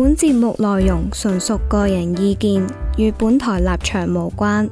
本節目內容純屬個人意見，與本台立場無關。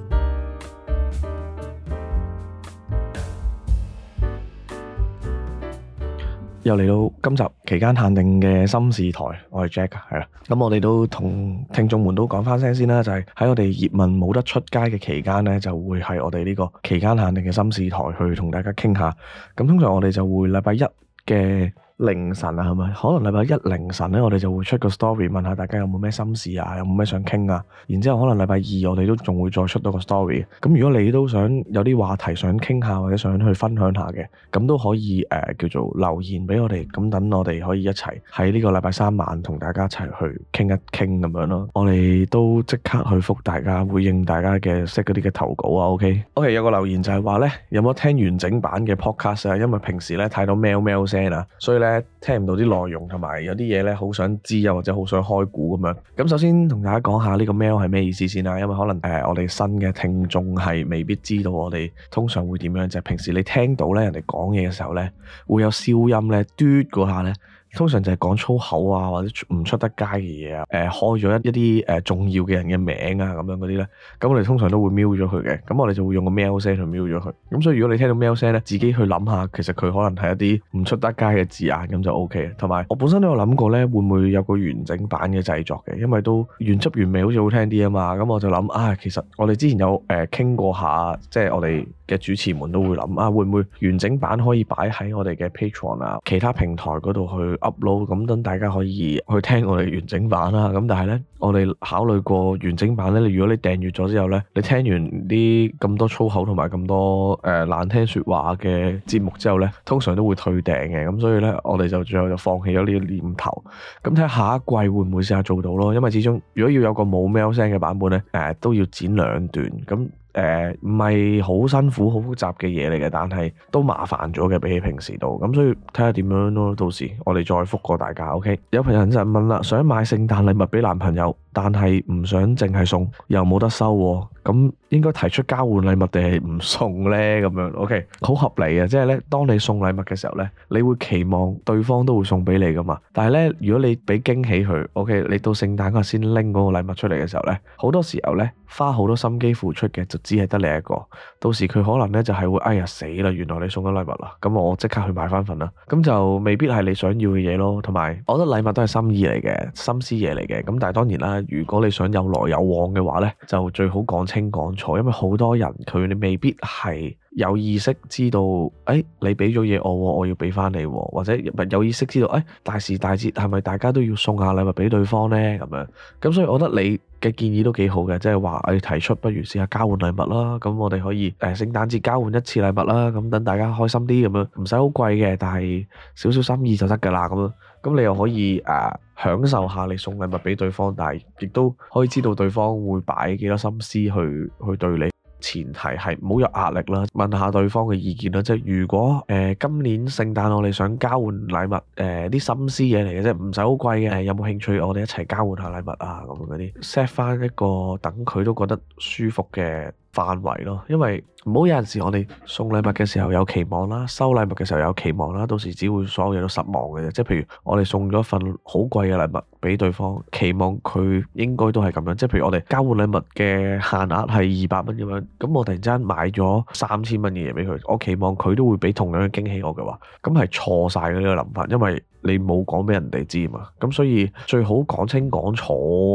又嚟到今集期間限定嘅心事台，我係 Jack，係啦。咁我哋都同聽眾們都講翻聲先啦，就係、是、喺我哋業問冇得出街嘅期間呢，就會係我哋呢個期間限定嘅心事台去同大家傾下。咁通常我哋就會禮拜一嘅凌晨啊，係咪？可能禮拜一凌晨咧，我哋就會出個 story，問下大家有冇咩心事啊，有冇咩想傾啊？然之後可能禮拜二，我哋都仲會再出多個 story。咁如果你都想有啲話題想傾下，或者想去分享下嘅，咁都可以誒、呃、叫做留言俾我哋，咁等我哋可以一齊喺呢個禮拜三晚同大家一齊去傾一傾咁樣咯。我哋都即刻去覆大家，回應大家嘅識嗰啲嘅投稿啊。OK，OK，OK？okay, 有個留言就係話咧，有冇聽完整版嘅 podcast 啊？因為平時咧睇到喵喵聲啊，所以咧。咧聽唔到啲內容，同埋有啲嘢咧，好想知啊，或者好想開估。咁樣，咁首先同大家講下呢個 mail 係咩意思先啦，因為可能誒、呃、我哋新嘅聽眾係未必知道我哋通常會點樣就係、是、平時你聽到咧人哋講嘢嘅時候咧會有消音咧嘟嗰下咧。通常就係講粗口啊，或者唔出得街嘅嘢啊，誒、呃，開咗一一啲誒重要嘅人嘅名啊，咁樣嗰啲咧，咁我哋通常都會 mute 咗佢嘅，咁我哋就會用個 mail 聲去 mute 咗佢，咁所以如果你聽到 mail 聲咧，自己去諗下，其實佢可能係一啲唔出得街嘅字眼，咁就 OK 啊。同埋我本身都有諗過咧，會唔會有個完整版嘅製作嘅，因為都原汁原味好似好聽啲啊嘛，咁我就諗啊，其實我哋之前有誒傾、呃、過下，即係我哋。嘅主持們都會諗啊，會唔會完整版可以擺喺我哋嘅 Patreon 啊，其他平台嗰度去 upload，咁等大家可以去聽我哋完整版啦。咁但係呢，我哋考慮過完整版呢，你如果你訂閲咗之後呢，你聽完啲咁多粗口同埋咁多誒、呃、難聽説話嘅節目之後呢，通常都會退訂嘅。咁所以呢，我哋就最後就放棄咗呢個念頭。咁睇下一季會唔會試下做到咯。因為始終如果要有個冇 mail sound 嘅版本呢，誒、呃、都要剪兩段咁。誒唔係好辛苦、好複雜嘅嘢嚟嘅，但係都麻煩咗嘅，比起平時度咁，所以睇下點樣咯。到時我哋再覆過大家，OK。有朋友就問啦，想買聖誕禮物俾男朋友？但係唔想淨係送又冇得收喎，啊，咁，嗯、應該提出交換禮物定係唔送呢？咁樣？O K，好合理啊！即係呢，當你送禮物嘅時候呢，你會期望對方都會送俾你噶嘛？但係呢，如果你俾驚喜佢，O K，你到聖誕嗰日先拎嗰個禮物出嚟嘅時候呢，好多時候呢，花好多心機付出嘅，就只係得你一個。到時佢可能呢，就係會哎呀死啦，原來你送咗禮物啦，咁我即刻去買翻份啦。咁就未必係你想要嘅嘢咯。同埋，我覺得禮物都係心意嚟嘅，心思嘢嚟嘅。咁但係當然啦。如果你想有來有往嘅話呢就最好講清講楚，因為好多人佢你未必係有意識知道，誒、哎，你俾咗嘢我，我要俾翻你，或者有意識知道，誒、哎，大時大節係咪大家都要送下禮物俾對方呢？」咁樣，咁所以我覺得你嘅建議都幾好嘅，即係話，誒，你提出不如試下交換禮物啦，咁我哋可以誒，聖誕節交換一次禮物啦，咁等大家開心啲咁樣，唔使好貴嘅，但係少少心意就得噶啦，咁樣。咁你又可以誒、啊、享受下你送禮物俾對方，但係亦都可以知道對方會擺幾多心思去去對你。前提係唔好有壓力啦，問下對方嘅意見啦，即係如果誒、呃、今年聖誕我哋想交換禮物，誒、呃、啲心思嘢嚟嘅啫，唔使好貴嘅，有冇興趣我哋一齊交換下禮物啊？咁嗰啲 set 返一個等佢都覺得舒服嘅範圍咯，因為唔好有陣時我哋送禮物嘅時候有期望啦，收禮物嘅時候有期望啦，到時只會所有嘢都失望嘅啫。即係譬如我哋送咗一份好貴嘅禮物俾對方，期望佢應該都係咁樣。即係譬如我哋交換禮物嘅限額係二百蚊咁樣，咁我突然間買咗三千蚊嘅嘢俾佢，我期望佢都會俾同樣嘅驚喜我嘅話，咁係錯晒嘅呢個諗法，因為。你冇講俾人哋知嘛？咁所以最好講清講楚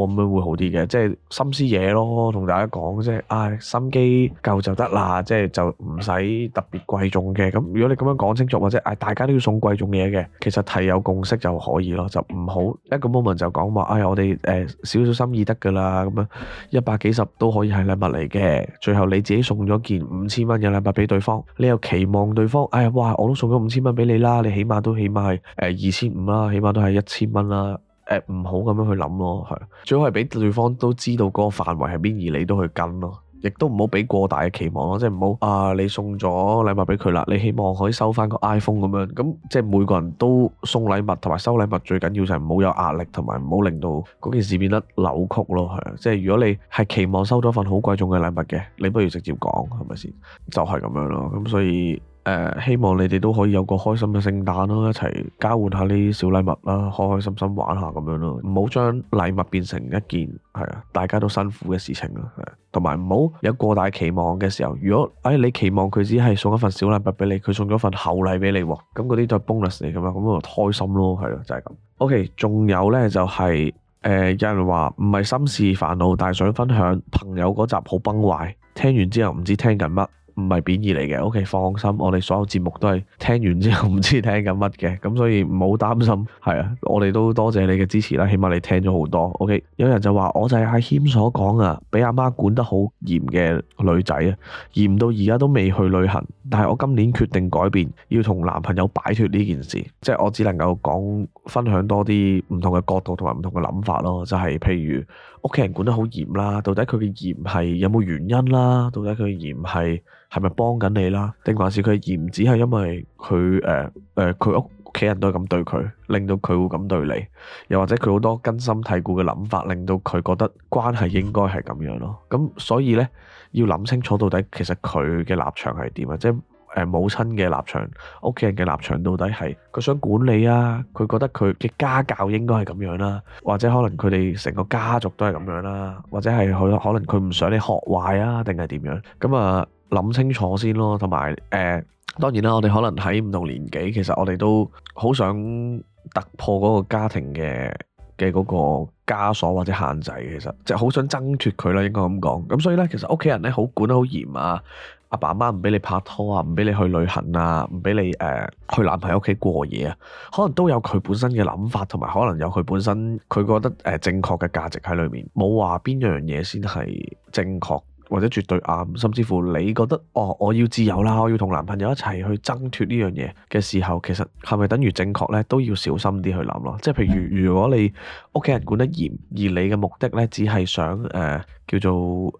咁樣會好啲嘅，即係心思嘢咯，同大家講即係，唉，心機夠就得啦，即係就唔使特別貴重嘅。咁如果你咁樣講清楚或者唉，大家都要送貴重嘢嘅，其實提有共識就可以咯，就唔好一個 moment 就講話唉，我哋誒少少心意得㗎啦，咁樣一百幾十都可以係禮物嚟嘅。最後你自己送咗件五千蚊嘅禮物俾對方，你又期望對方，唉，哇，我都送咗五千蚊俾你啦，你起碼都起碼係誒二千五啦，起碼都係一千蚊啦。誒，唔好咁樣去諗咯，係最好係俾對方都知道嗰個範圍係邊，而你都去跟咯，亦都唔好俾過大嘅期望咯，即係唔好啊！你送咗禮物俾佢啦，你希望可以收翻個 iPhone 咁樣，咁即係每個人都送禮物同埋收禮物最緊要就係唔好有壓力，同埋唔好令到嗰件事變得扭曲咯，係即係如果你係期望收咗份好貴重嘅禮物嘅，你不如直接講係咪先？就係咁樣咯，咁所以。誒、呃，希望你哋都可以有個開心嘅聖誕咯、啊，一齊交換下呢啲小禮物啦、啊，開開心心玩下咁樣咯、啊，唔好將禮物變成一件係啊，大家都辛苦嘅事情咯、啊，係，同埋唔好有過大期望嘅時候，如果誒、哎、你期望佢只係送一份小禮物俾你，佢送咗份厚禮俾你，咁嗰啲就 bonus 嚟㗎嘛，咁、bon 嗯、就開心咯，係咯，就係、是、咁。OK，仲有呢就係、是、誒、呃，有人話唔係心事煩惱，但係想分享朋友嗰集好崩壞，聽完之後唔知聽緊乜。唔係貶義嚟嘅，OK，放心，我哋所有節目都係聽完之後唔知聽緊乜嘅，咁所以唔好擔心。係啊，我哋都多謝你嘅支持啦，起碼你聽咗好多。OK，有人就話：我就係阿謙所講啊，俾阿媽管得好嚴嘅女仔啊，嚴到而家都未去旅行，但係我今年決定改變，要同男朋友擺脱呢件事。即係我只能夠講分享多啲唔同嘅角度同埋唔同嘅諗法咯。就係譬如屋企人管得好嚴啦，到底佢嘅嚴係有冇原因啦？到底佢嘅嚴係？係咪幫緊你啦？定還是佢而唔止係因為佢誒誒佢屋企人都係咁對佢，令到佢會咁對你？又或者佢好多根深蒂固嘅諗法，令到佢覺得關係應該係咁樣咯？咁所以呢，要諗清楚到底其實佢嘅立場係點啊？即係母親嘅立場，屋企人嘅立場到底係佢想管你啊？佢覺得佢嘅家教應該係咁樣啦，啊？或者可能佢哋成個家族都係咁樣啦，啊？或者係佢可能佢唔想你學壞啊？定係點樣咁啊？諗清楚先咯，同埋誒當然啦，我哋可能喺唔同年紀，其實我哋都好想突破嗰個家庭嘅嘅嗰個枷鎖或者限制，其實即係好想掙脫佢啦，應該咁講。咁所以呢，其實屋企人呢好管得好嚴啊，阿爸媽唔俾你拍拖啊，唔俾你去旅行啊，唔俾你誒、呃、去男朋友屋企過夜啊，可能都有佢本身嘅諗法，同埋可能有佢本身佢覺得誒正確嘅價值喺裏面，冇話邊樣嘢先係正確。或者絕對啱，甚至乎你覺得哦，我要自由啦，我要同男朋友一齊去掙脫呢樣嘢嘅時候，其實係咪等於正確呢？都要小心啲去諗咯。即係譬如，如果你屋企人管得嚴，而你嘅目的呢，只係想誒，呃叫做誒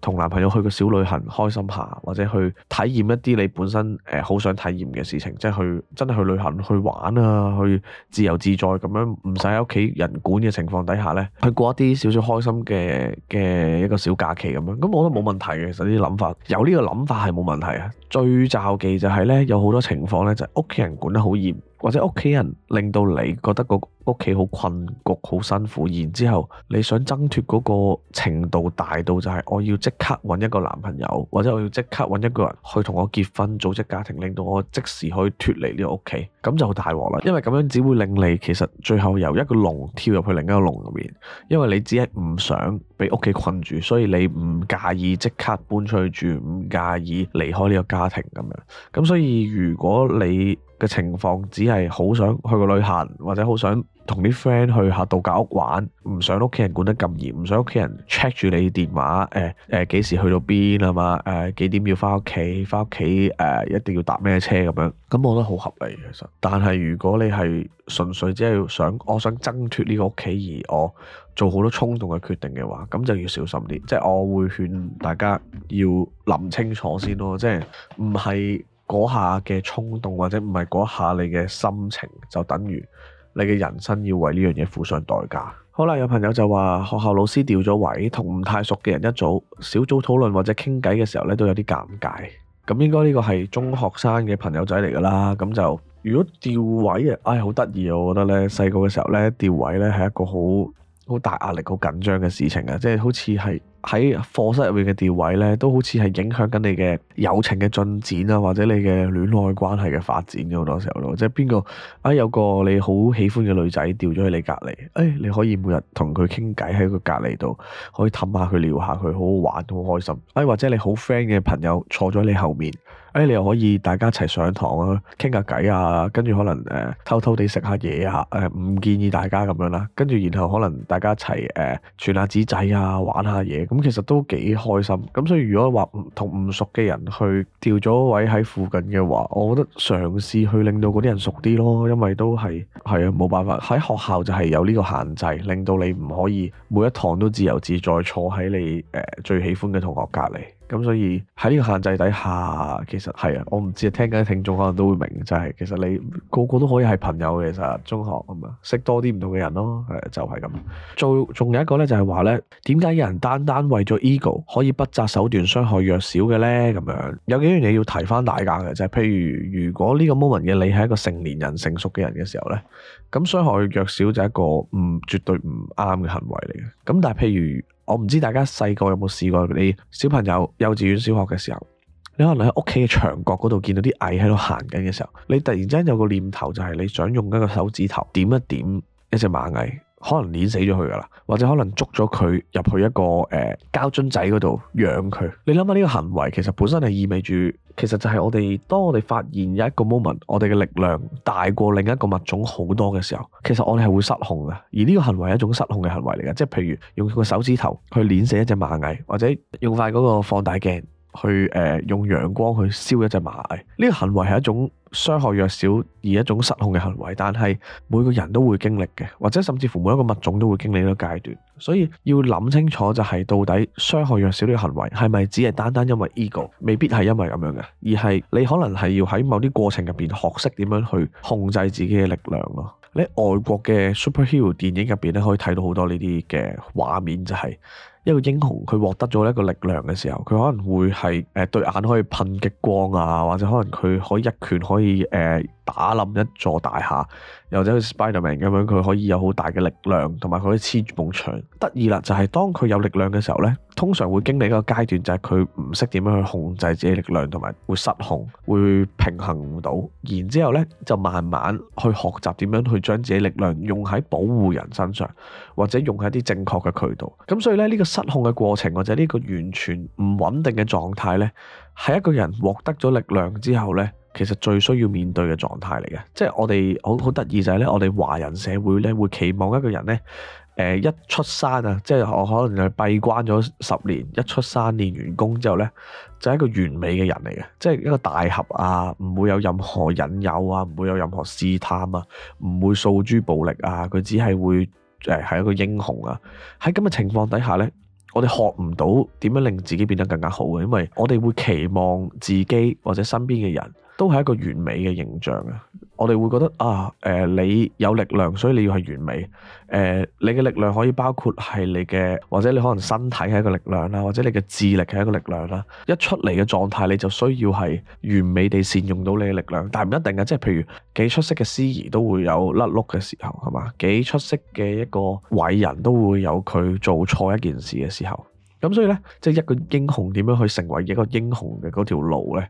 同、呃、男朋友去個小旅行，開心下，或者去體驗一啲你本身誒好、呃、想體驗嘅事情，即係去真係去旅行去玩啊，去自由自在咁樣，唔使喺屋企人管嘅情況底下呢，去過一啲少少開心嘅嘅一個小假期咁樣。咁我覺得冇問題嘅，其實呢啲諗法有呢個諗法係冇問題啊。最棹忌，忌就係呢：有好多情況呢，就係屋企人管得好嚴，或者屋企人令到你覺得、嗰個。屋企好困局，好辛苦，然之後你想掙脫嗰個程度大到就係我要即刻搵一個男朋友，或者我要即刻搵一個人去同我結婚，組織家庭，令到我即時可以脫離呢個屋企，咁就好大鑊啦。因為咁樣只會令你其實最後由一個籠跳入去另一個籠入面，因為你只係唔想俾屋企困住，所以你唔介意即刻搬出去住，唔介意離開呢個家庭咁樣。咁所以如果你嘅情況只係好想去個旅行，或者好想同啲 friend 去下度假屋玩，唔想屋企人管得咁嚴，唔想屋企人 check 住你電話，誒誒幾時去到邊啊嘛，誒幾點要返屋企，返屋企誒一定要搭咩車咁樣，咁我覺得好合理其實。但係如果你係純粹只係想，我想掙脫呢個屋企而我做好多衝動嘅決定嘅話，咁就要小心啲，即係我會勸大家要諗清楚先咯，即係唔係。嗰下嘅衝動或者唔係嗰下你嘅心情，就等於你嘅人生要為呢樣嘢付上代價。好啦，有朋友就話學校老師調咗位，同唔太熟嘅人一組，小組討論或者傾偈嘅時候咧都有啲尷尬。咁應該呢個係中學生嘅朋友仔嚟㗎啦。咁就如果調位啊，唉，好得意啊！我覺得呢細個嘅時候呢調位呢係一個好。好大壓力、好緊張嘅事情啊！即係好似係喺課室入面嘅調位呢，都好似係影響緊你嘅友情嘅進展啊，或者你嘅戀愛關係嘅發展嘅好多時候咯。即係邊個啊？有個你好喜歡嘅女仔調咗喺你隔離，哎，你可以每日同佢傾偈喺個隔離度，可以氹下佢、撩下佢，好好玩、好開心。哎，或者你好 friend 嘅朋友坐咗你後面。哎，你又可以大家一齊上堂聊聊啊，傾下偈啊，跟住可能誒、呃、偷偷地食下嘢啊，誒、呃、唔建議大家咁樣啦、啊。跟住然後可能大家一齊誒傳下紙仔啊，玩下嘢，咁其實都幾開心。咁所以如果話同唔熟嘅人去調咗位喺附近嘅話，我覺得嘗試去令到嗰啲人熟啲咯，因為都係係啊，冇辦法，喺學校就係有呢個限制，令到你唔可以每一堂都自由自在坐喺你誒、呃、最喜歡嘅同學隔籬。咁所以喺呢個限制底下，其實係啊，我唔知啊，聽緊啲聽眾可能都會明，就係、是、其實你個個都可以係朋友嘅，其實中學咁樣識多啲唔同嘅人咯，係就係、是、咁。做仲有一個咧，就係話咧，點解有人單單為咗 ego 可以不擇手段傷害弱小嘅咧？咁樣有幾樣嘢要提翻大家嘅，就係、是、譬如如果呢個 moment 嘅你係一個成年人成熟嘅人嘅時候咧，咁傷害弱小就係一個唔絕對唔啱嘅行為嚟嘅。咁但係譬如。我唔知大家細個有冇試過，你小朋友幼稚園、小學嘅時候，你可能喺屋企嘅牆角嗰度見到啲蟻喺度行緊嘅時候，你突然之間有個念頭，就係你想用一個手指頭點一點一隻螞蟻。可能碾死咗佢㗎喇，或者可能捉咗佢入去一個誒膠樽仔嗰度養佢。你諗下呢個行為其實本身係意味住，其實就係我哋當我哋發現有一個 moment，我哋嘅力量大過另一個物種好多嘅時候，其實我哋係會失控嘅。而呢個行為係一種失控嘅行為嚟㗎，即係譬如用佢個手指頭去碾死一隻螞蟻，或者用塊嗰個放大鏡去誒、呃、用陽光去燒一隻螞蟻。呢、呢個行為係一種。傷害弱小而一種失控嘅行為，但係每個人都會經歷嘅，或者甚至乎每一個物種都會經歷呢個階段。所以要諗清楚就係到底傷害弱小呢個行為係咪只係單單因為 ego，、這個、未必係因為咁樣嘅，而係你可能係要喺某啲過程入邊學識點樣去控制自己嘅力量咯。喺外國嘅 superhero 電影入邊咧，可以睇到好多呢啲嘅畫面、就是，就係。一個英雄佢獲得咗一個力量嘅時候，佢可能會係誒、呃、對眼可以噴激光啊，或者可能佢可以一拳可以誒。呃打冧一座大廈，又或者好似 Spiderman 咁樣，佢可以有好大嘅力量，同埋佢可以黐住埲牆。得意啦，就係當佢有力量嘅時候咧，通常會經歷一個階段，就係佢唔識點樣去控制自己力量，同埋會失控，會平衡唔到。然之後咧，就慢慢去學習點樣去將自己力量用喺保護人身上，或者用喺啲正確嘅渠道。咁所以咧，呢個失控嘅過程，或者呢個完全唔穩定嘅狀態咧，係一個人獲得咗力量之後咧。其實最需要面對嘅狀態嚟嘅，即係我哋好好得意就係咧，我哋華人社會咧會期望一個人咧，誒、呃、一出山啊，即係我可能閉關咗十年，一出山練完功之後咧，就係、是、一個完美嘅人嚟嘅，即係一個大俠啊，唔會有任何引誘啊，唔會有任何試探啊，唔會訴諸暴力啊，佢只係會誒係、呃、一個英雄啊。喺咁嘅情況底下咧，我哋學唔到點樣令自己變得更加好嘅，因為我哋會期望自己或者身邊嘅人。都係一個完美嘅形象啊！我哋會覺得啊，誒、呃，你有力量，所以你要係完美。誒、呃，你嘅力量可以包括係你嘅，或者你可能身體係一個力量啦，或者你嘅智力係一個力量啦。一出嚟嘅狀態你就需要係完美地善用到你嘅力量，但係唔一定㗎。即係譬如幾出色嘅司儀都會有甩碌嘅時候，係嘛？幾出色嘅一個偉人都會有佢做錯一件事嘅時候。咁所以呢，即係一個英雄點樣去成為一個英雄嘅嗰條路呢？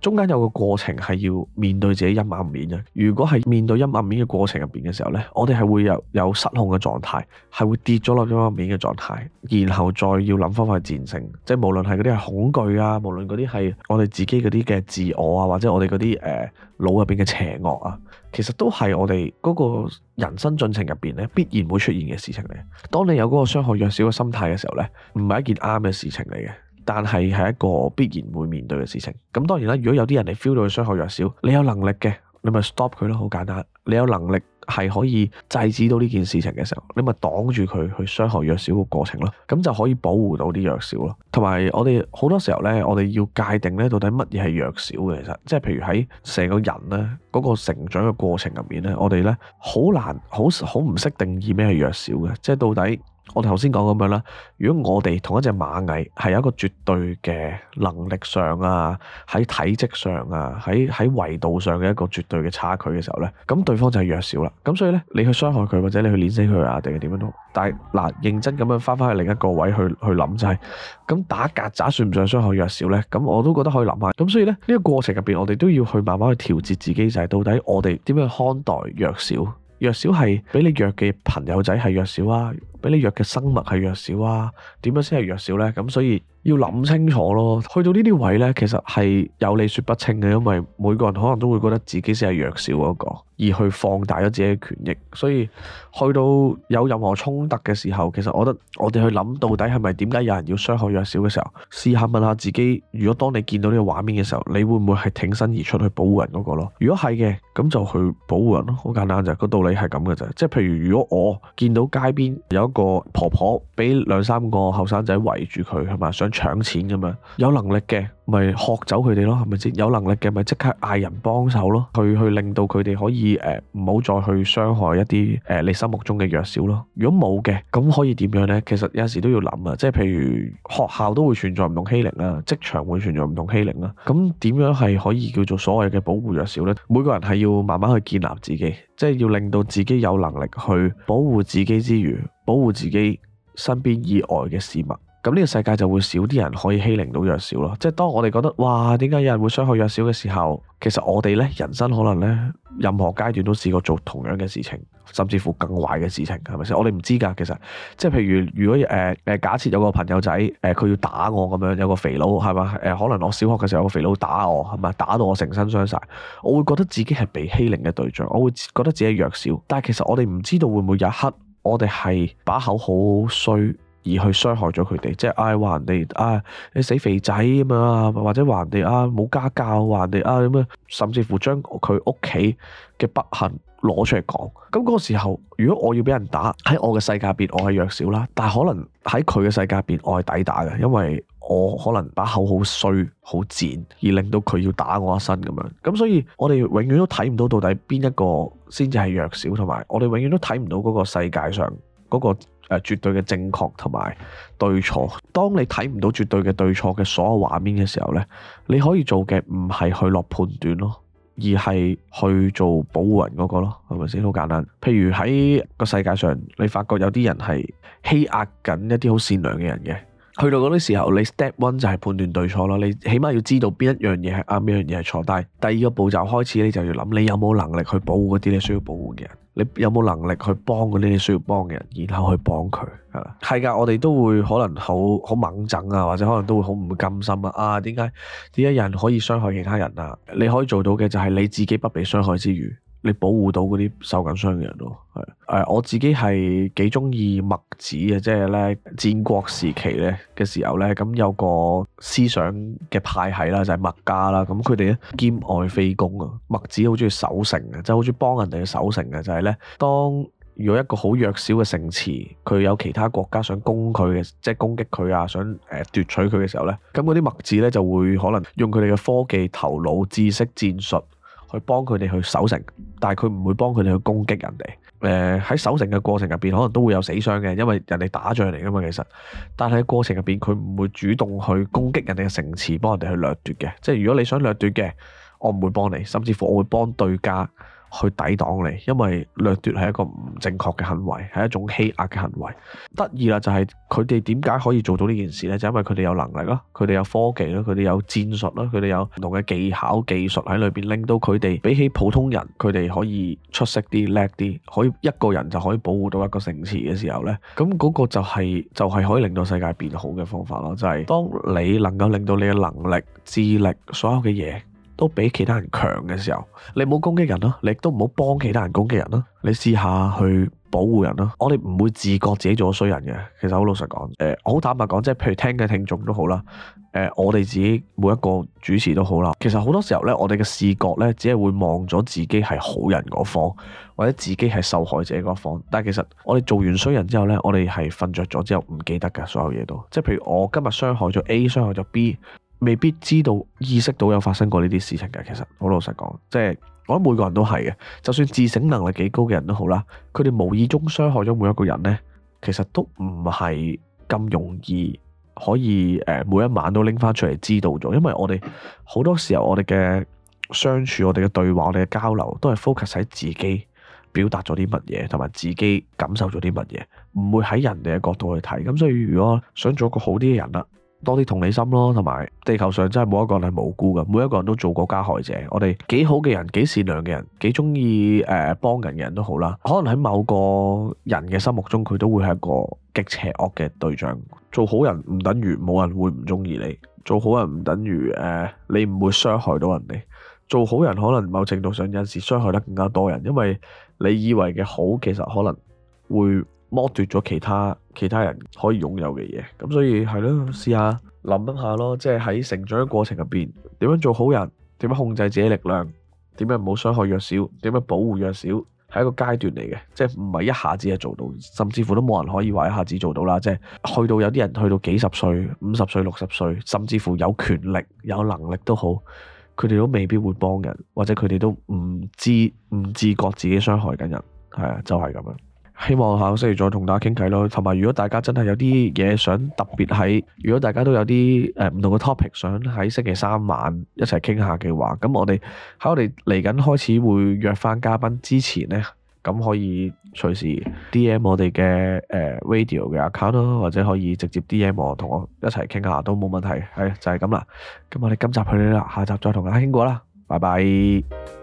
中間有個過程係要面對自己陰暗面嘅。如果係面對陰暗面嘅過程入邊嘅時候呢，我哋係會有有失控嘅狀態，係會跌咗落陰暗面嘅狀態，然後再要諗方法去戰勝，即係無論係嗰啲係恐懼啊，無論嗰啲係我哋自己嗰啲嘅自我啊，或者我哋嗰啲誒腦入邊嘅邪惡啊。其實都係我哋嗰個人生進程入面咧必然會出現嘅事情嚟。當你有嗰個傷害弱小嘅心態嘅時候呢，唔係一件啱嘅事情嚟嘅，但係係一個必然會面對嘅事情。咁當然啦，如果有啲人你 feel 到佢傷害弱小，你有能力嘅，你咪 stop 佢咯，好簡單。你有能力。係可以制止到呢件事情嘅時候，你咪擋住佢去傷害弱小嘅過程咯，咁就可以保護到啲弱小咯。同埋我哋好多時候呢，我哋要界定呢，到底乜嘢係弱小嘅？其實即係譬如喺成個人呢，嗰個成長嘅過程入面呢，我哋呢好難好好唔識定義咩係弱小嘅，即係到底。我頭先講咁樣啦，如果我哋同一隻螞蟻係有一個絕對嘅能力上啊，喺體積上啊，喺喺維度上嘅一個絕對嘅差距嘅時候呢，咁對方就係弱小啦。咁所以呢，你去傷害佢或者你去碾死佢啊，定係點樣都。但係嗱，認真咁樣翻翻去另一個位去去諗就係、是，咁打曱甴算唔算傷害弱小呢？咁我都覺得可以諗下。咁所以呢，呢、這個過程入邊，我哋都要去慢慢去調節自己就係、是、到底我哋點樣看待弱小。弱小係俾你弱嘅朋友仔係弱小啊。俾你弱嘅生物係弱小啊？點樣先係弱小呢？咁所以要諗清楚咯。去到呢啲位呢，其實係有理説不清嘅，因為每個人可能都會覺得自己先係弱小嗰個，而去放大咗自己嘅權益。所以去到有任何衝突嘅時候，其實我覺得我哋去諗到底係咪點解有人要傷害弱小嘅時候，試下問下自己：如果當你見到呢個畫面嘅時候，你會唔會係挺身而出去保護人嗰個咯？如果係嘅，咁就去保護人咯。好簡單就係個道理係咁嘅啫。即係譬如，如果我見到街邊有一個婆婆俾兩三個後生仔圍住佢，係嘛，想搶錢咁樣，有能力嘅。咪學走佢哋咯，係咪先？有能力嘅咪即刻嗌人幫手咯，去去令到佢哋可以誒唔好再去傷害一啲誒、呃、你心目中嘅弱小咯。如果冇嘅，咁可以點樣呢？其實有陣時都要諗啊，即係譬如學校都會存在唔同欺凌啊，職場會存在唔同欺凌啊。咁點樣係可以叫做所謂嘅保護弱小呢？每個人係要慢慢去建立自己，即係要令到自己有能力去保護自己之餘，保護自己身邊以外嘅事物。咁呢個世界就會少啲人可以欺凌到弱小咯。即係當我哋覺得哇，點解有人會傷害弱小嘅時候，其實我哋呢人生可能呢任何階段都試過做同樣嘅事情，甚至乎更壞嘅事情，係咪先？我哋唔知㗎。其實即係譬如，如果誒誒、呃、假設有個朋友仔誒，佢、呃、要打我咁樣，有個肥佬係咪？誒、呃，可能我小學嘅時候有個肥佬打我，係咪打到我成身傷晒。我會覺得自己係被欺凌嘅對象，我會覺得自己係弱小。但係其實我哋唔知道會唔會有一刻我哋係把口好衰。而去傷害咗佢哋，即係嗌話人哋啊、哎，你死肥仔咁啊，或者話人哋啊冇家教，話人哋啊咁啊，甚至乎將佢屋企嘅不幸攞出嚟講。咁嗰個時候，如果我要俾人打喺我嘅世界邊，我係弱小啦。但係可能喺佢嘅世界邊，我係抵打嘅，因為我可能把口好衰好賤，而令到佢要打我一身咁樣。咁所以，我哋永遠都睇唔到到底邊一個先至係弱小，同埋我哋永遠都睇唔到嗰個世界上嗰、嗰個誒、呃，絕對嘅正確同埋對錯，當你睇唔到絕對嘅對錯嘅所有畫面嘅時候咧，你可以做嘅唔係去落判斷咯，而係去做保護人嗰個咯，係咪先？好簡單，譬如喺個世界上，你發覺有啲人係欺壓緊一啲好善良嘅人嘅。去到嗰啲時候，你 step one 就係判斷對錯咯，你起碼要知道邊一樣嘢係啱，邊樣嘢係錯。但係第二個步驟開始，你就要諗，你有冇能力去保護嗰啲你需要保護嘅人？你有冇能力去幫嗰啲你需要幫嘅人？然後去幫佢係啦，係噶，我哋都會可能好好猛憎啊，或者可能都會好唔甘心啊。啊，點解點解有人可以傷害其他人啊？你可以做到嘅就係你自己不被傷害之餘。你保護到嗰啲受緊傷嘅人囉。係誒，我自己係幾中意墨子嘅。即係咧戰國時期咧嘅時候咧，咁有個思想嘅派系啦，就係墨家啦。咁佢哋咧兼愛非攻啊，墨子好中意守城啊，即係好中意幫人哋守城啊。就係咧，當如果一個好弱小嘅城池，佢有其他國家想攻佢嘅，即係攻擊佢啊，想誒奪取佢嘅時候咧，咁嗰啲墨子咧就會可能用佢哋嘅科技、頭腦、知識、戰術。去幫佢哋去守城，但係佢唔會幫佢哋去攻擊人哋。誒、呃、喺守城嘅過程入邊，可能都會有死傷嘅，因為人哋打仗嚟噶嘛，其實。但係喺過程入邊，佢唔會主動去攻擊人哋嘅城池，幫人哋去掠奪嘅。即係如果你想掠奪嘅，我唔會幫你，甚至乎我會幫對家。去抵擋你，因為掠奪係一個唔正確嘅行為，係一種欺壓嘅行為。得意啦，就係佢哋點解可以做到呢件事呢？就是、因為佢哋有能力咯，佢哋有科技咯，佢哋有戰術咯，佢哋有唔同嘅技巧、技術喺裏邊拎到佢哋比起普通人，佢哋可以出色啲、叻啲，可以一個人就可以保護到一個城池嘅時候呢。咁、那、嗰個就係、是、就係、是、可以令到世界變好嘅方法咯。就係、是、當你能夠令到你嘅能力、智力所有嘅嘢。都比其他人強嘅時候，你冇攻擊人咯、啊，你亦都唔好幫其他人攻擊人咯、啊。你試下去保護人咯、啊。我哋唔會自覺自己做個衰人嘅。其實好老實講，誒、呃、好坦白講，即係譬如聽嘅聽眾都好啦，誒、呃、我哋自己每一個主持都好啦。其實好多時候呢，我哋嘅視覺呢，只係會望咗自己係好人嗰方，或者自己係受害者嗰方。但係其實我哋做完衰人之後呢，我哋係瞓着咗之後唔記得㗎所有嘢都。即係譬如我今日傷害咗 A，傷害咗 B。未必知道意識到有發生過呢啲事情嘅。其實好老實講，即係我覺得每個人都係嘅，就算自省能力幾高嘅人都好啦，佢哋無意中傷害咗每一個人呢，其實都唔係咁容易可以誒每一晚都拎翻出嚟知道咗，因為我哋好多時候我哋嘅相處、我哋嘅對話、我哋嘅交流都係 focus 喺自己表達咗啲乜嘢同埋自己感受咗啲乜嘢，唔會喺人哋嘅角度去睇，咁所以如果想做一個好啲嘅人啦。多啲同理心咯，同埋地球上真係冇一個人係無辜嘅，每一個人都做過加害者。我哋幾好嘅人，幾善良嘅人，幾中意誒幫人嘅人都好啦。可能喺某個人嘅心目中，佢都會係一個極邪惡嘅對象。做好人唔等於冇人會唔中意你，做好人唔等於誒、呃、你唔會傷害到人哋。做好人可能某程度上有陣時傷害得更加多人，因為你以為嘅好，其實可能會。剝奪咗其他其他人可以擁有嘅嘢，咁所以係咯，試下諗一下咯，即係喺成長嘅過程入邊，點樣做好人，點樣控制自己力量，點樣唔好傷害弱小，點樣保護弱小，係一個階段嚟嘅，即係唔係一下子就做到，甚至乎都冇人可以話一下子做到啦，即係去到有啲人去到幾十歲、五十歲、六十歲，甚至乎有權力、有能力都好，佢哋都未必會幫人，或者佢哋都唔知唔自覺自己傷害緊人，係啊，就係咁樣。希望下個星期再同大家傾偈咯，同埋如果大家真係有啲嘢想特別喺，如果大家都有啲誒唔同嘅 topic 想喺星期三晚一齊傾下嘅話，咁我哋喺我哋嚟緊開始會約返嘉賓之前呢，咁可以隨時 DM 我哋嘅誒、呃、radio 嘅 account 咯、啊，或者可以直接 DM 我同我一齊傾下都冇問題，係就係咁啦。咁我哋今集去到啦，下集再同大家傾過啦，拜拜。